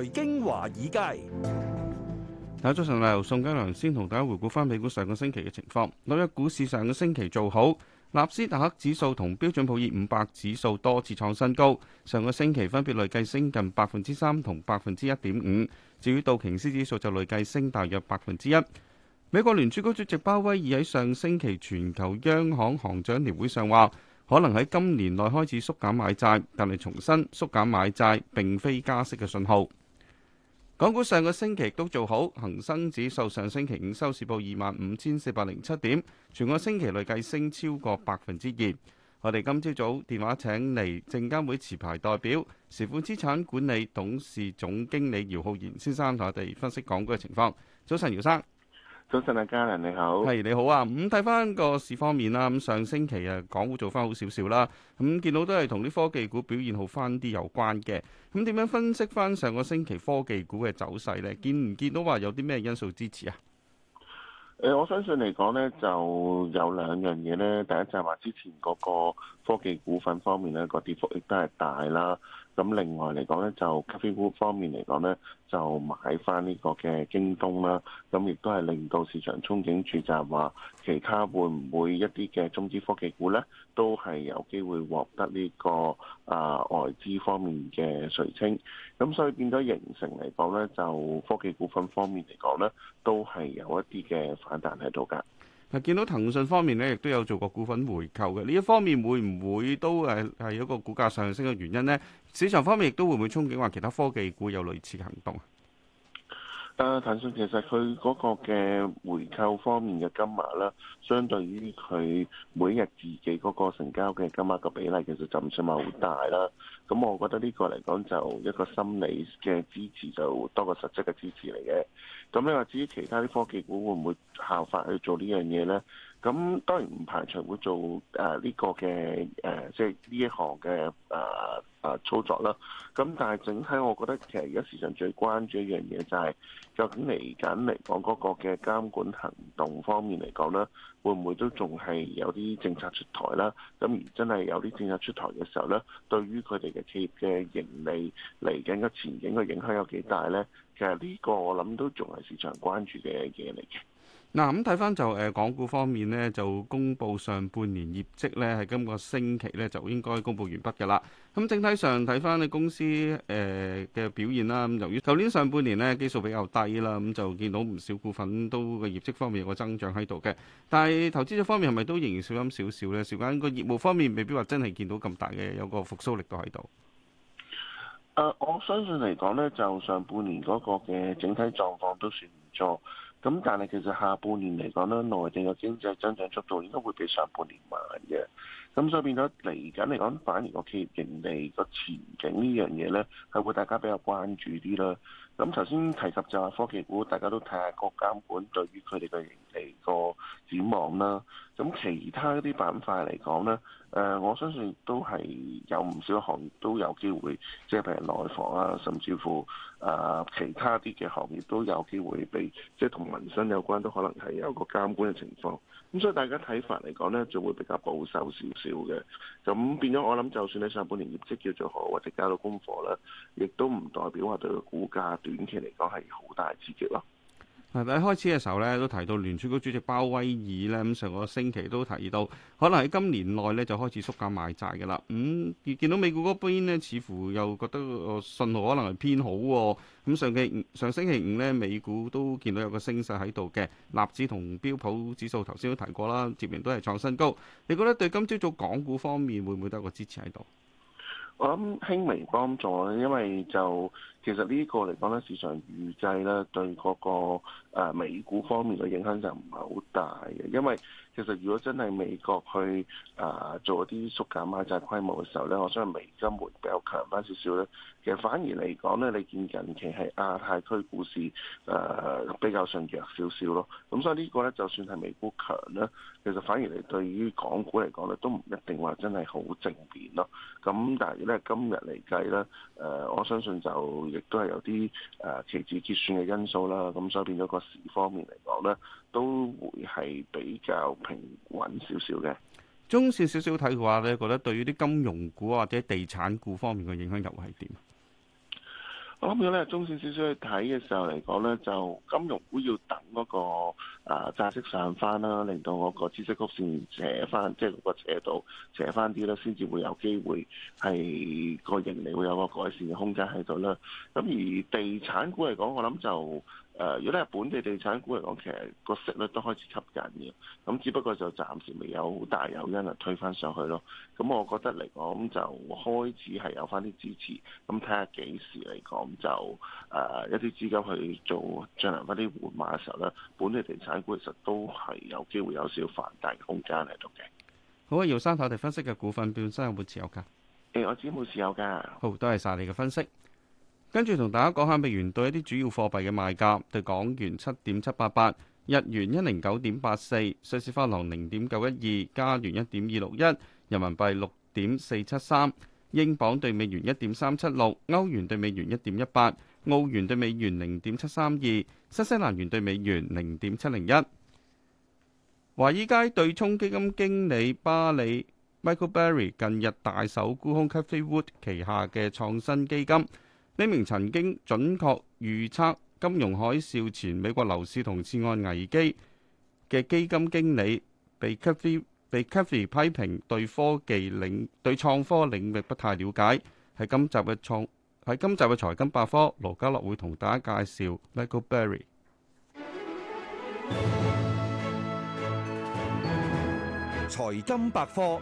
財經華爾街，大家早上嚟由宋家良先同大家回顧翻美股上個星期嘅情況。紐約股市上個星期做好，納斯達克指數同標準普爾五百指數多次創新高，上個星期分別累計升近百分之三同百分之一點五。至於道瓊斯指數就累計升大約百分之一。美國聯儲局主席鮑威爾喺上星期全球央行行長年會上話，可能喺今年內開始縮減買債，但係重申縮減買債並非加息嘅信號。港股上個星期都做好，恒生指數上星期五收市報二萬五千四百零七點，全個星期累計升超過百分之二。我哋今朝早電話請嚟證監會持牌代表時富資產管理董事總經理姚浩然先生，同我哋分析港股嘅情況。早晨，姚生。早晨啊，嘉良你好，係你好啊。咁睇翻個市方面啦，咁上星期啊，港股做翻好少少啦。咁見到都係同啲科技股表現好翻啲有關嘅。咁點樣分析翻上個星期科技股嘅走勢咧？見唔見到話有啲咩因素支持啊？誒，我相信嚟講咧，就有兩樣嘢咧。第一就係話之前嗰個科技股份方面咧，個跌幅亦都係大啦。咁另外嚟講咧，就咖啡股方面嚟講咧，就買翻呢個嘅京東啦。咁亦都係令到市場憧憬住就係話，其他會唔會一啲嘅中資科技股咧，都係有機會獲得呢個啊外資方面嘅垂青。咁所以變咗形成嚟講咧，就科技股份方面嚟講咧，都係有一啲嘅反彈喺度㗎。嗱，見到騰訊方面咧，亦都有做過股份回購嘅呢一方面，會唔會都係係一個股價上升嘅原因呢？市場方面亦都會唔會憧憬話其他科技股有類似嘅行動啊？誒，騰訊其實佢嗰個嘅回購方面嘅金額啦，相對於佢每日自己嗰個成交嘅金額嘅比例，其實就唔算話好大啦。咁我覺得呢個嚟講就一個心理嘅支持，就多過實質嘅支持嚟嘅。咁你話至於其他啲科技股會唔會？效法去做呢樣嘢呢，咁當然唔排除會做誒呢、呃這個嘅誒、呃、即係呢一行嘅誒誒操作啦。咁但係整體我覺得其實而家市場最關注的一樣嘢，就係究竟嚟緊嚟講嗰個嘅監管行動方面嚟講咧，會唔會都仲係有啲政策出台啦？咁而真係有啲政策出台嘅時候咧，對於佢哋嘅企業嘅盈利嚟緊嘅前景嘅影響有幾大咧？其實呢個我諗都仲係市場關注嘅嘢嚟嘅。嗱，咁睇翻就誒，港股方面呢，就公布上半年業績呢，係今個星期呢，就應該公布完畢噶啦。咁整體上睇翻你公司誒嘅表現啦，咁由於舊年上半年呢，基數比較低啦，咁就見到唔少股份都個業績方面有個增長喺度嘅。但係投資者方面係咪都仍然小心少少呢？事關個業務方面，未必話真係見到咁大嘅有個復蘇力度喺度。誒、呃，我相信嚟講呢，就上半年嗰個嘅整體狀況都算唔錯。咁但係其實下半年嚟講咧，內地個經濟增長速度應該會比上半年慢嘅，咁所以變咗嚟緊嚟講，反而個企業盈利個前景這件事呢樣嘢咧，係會大家比較關注啲啦。咁頭先提及就係科技股，大家都睇下個監管對於佢哋嘅盈利個展望啦。咁其他啲板塊嚟講咧，誒，我相信都係有唔少的行業都有機會，即係譬如內房啊，甚至乎啊其他啲嘅行業都有機會被，即係同民生有關，都可能係有一個監管嘅情況。咁所以大家睇法嚟講咧，就會比較保守少少嘅。咁變咗，我諗就算你上半年業績叫做好或者交到功課啦，亦都唔代表話對個股價。短期嚟講係好大刺激咯。喺開始嘅時候咧，都提到聯儲局主席鮑威爾咧，咁上個星期都提到，可能喺今年內咧就開始縮減買債嘅啦。咁、嗯、見到美股嗰邊咧，似乎又覺得個信號可能係偏好喎，哦。咁上期上星期五呢，美股都見到有個升勢喺度嘅，納指同標普指數頭先都提過啦，接連都係創新高。你覺得對今朝早港股方面會唔會得個支持喺度？我諗輕微幫助咧，因為就其實呢個嚟講咧，市場預計咧對嗰個美股方面嘅影響就唔係好大嘅，因為。其實如果真係美國去啊做啲縮減買債規模嘅時候咧，我相信美金會比較強返少少咧。其實反而嚟講咧，你見近期係亞太區股市誒、呃、比較上弱少少咯。咁所以個呢個咧，就算係美股強咧，其實反而嚟對於港股嚟講咧，都唔一定話真係好正面咯。咁但係咧，今日嚟計咧，誒、呃，我相信就亦都係有啲誒期指結算嘅因素啦。咁所以變咗個市方面嚟講咧，都會係比較。平穩少少嘅，中線少少睇嘅話咧，你覺得對於啲金融股或者地產股方面嘅影響又係點？我諗咗咧，中線少少去睇嘅時候嚟講咧，就金融股要等嗰、嗰個啊債息上翻啦，令到嗰個孳息曲線斜翻，即係個斜度斜翻啲咧，先至會有機會係個盈利會有個改善嘅空間喺度啦。咁而地產股嚟講，我諗就。誒，如果咧係本地地產股嚟講，其實個息率都開始吸引嘅，咁只不過就暫時未有好大誘因啊，推翻上去咯。咁我覺得嚟講，就開始係有翻啲支持，咁睇下幾時嚟講就誒一啲資金去做進行翻啲換馬嘅時候咧，本地地產股其實都係有機會有少少大嘅空間嚟到嘅。好啊，姚生，你哋分析嘅股份本身有冇持有㗎？誒、欸，我自己冇持有㗎。好，多謝晒你嘅分析。跟住同大家講下美元對一啲主要貨幣嘅賣價，對港元七點七八八，日元一零九點八四，瑞士法郎零點九一二，加元一點二六一，人民幣六點四七三，英鎊對美元一點三七六，歐元對美元一點一八，澳元對美元零點七三二，新西蘭元對美元零點七零一。華爾街對沖基金經理巴里 Michael Burry 近日大手沽空 Cathie Wood 旗下嘅創新基金。呢名曾經準確預測金融海嘯前美國樓市同次按危機嘅基金經理，被 Kathy 被 Kathy 批評對科技領對創科領域不太了解。喺今集嘅創喺今集嘅財金百科，羅家樂會同大家介紹 Michael Burry。財金百科。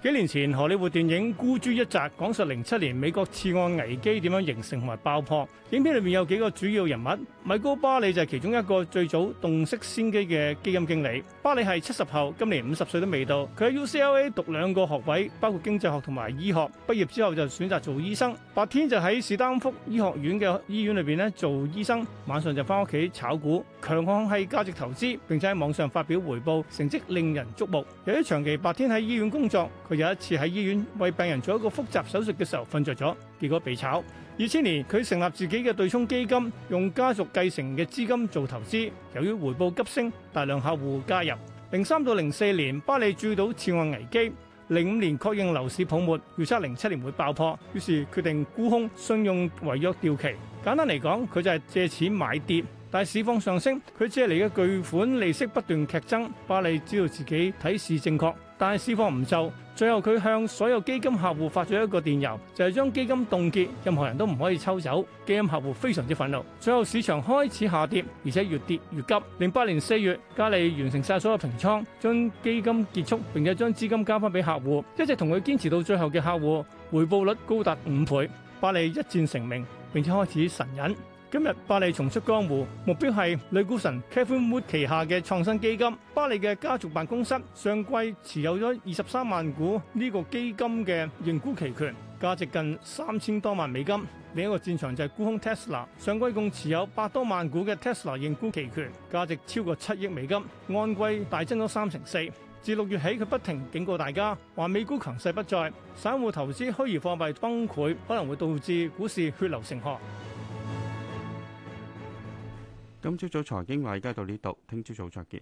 幾年前荷里活電影《沽注一擲》講述零七年美國次按危機點樣形成同埋爆破，影片裏面有幾個主要人物。米高巴里就係其中一個最早洞悉先機嘅基金經理。巴里係七十後，今年五十歲都未到。佢喺 UCLA 讀兩個學位，包括經濟學同埋醫學。畢業之後就選擇做醫生，白天就喺士丹福醫學院嘅醫院裏面做醫生，晚上就返屋企炒股。強項係價值投資，並且喺網上發表回報，成績令人矚目。由於長期白天喺醫院工作，佢有一次喺醫院為病人做一個複雜手術嘅時候瞓着咗。結果被炒。二千年佢成立自己嘅對沖基金，用家族繼承嘅資金做投資。由於回報急升，大量客戶加入。零三到零四年，巴利注到次按危機。零五年確認樓市泡沫，預測零七年會爆破，於是決定沽空信用違約掉期。簡單嚟講，佢就係借錢買跌，但係市況上升，佢借嚟嘅巨款利息不斷劇增。巴利知道自己睇市正確，但係市況唔就。最後佢向所有基金客戶發咗一個電郵，就係、是、將基金凍結，任何人都唔可以抽走。基金客戶非常之憤怒。最後市場開始下跌，而且越跌越急。零八年四月，加利完成晒所有平倉，將基金結束，並且將資金交翻俾客戶。一直同佢堅持到最後嘅客戶，回報率高達五倍。巴利一戰成名，並且開始神隱。今日巴利重出江湖，目標係女股神 Katherine Wood 旗下嘅創新基金。巴利嘅家族辦公室上季持有咗二十三萬股呢個基金嘅認沽期權，價值近三千多萬美金。另一個戰場就係沽空 Tesla，上季共持有百多萬股嘅 Tesla 認沽期權，價值超過七億美金，按季大增咗三成四。自六月起，佢不停警告大家，話美股強勢不再，散戶投資虛擬貨幣崩潰，可能會導致股市血流成河。今朝早財經話而家到呢度，聽朝早再見。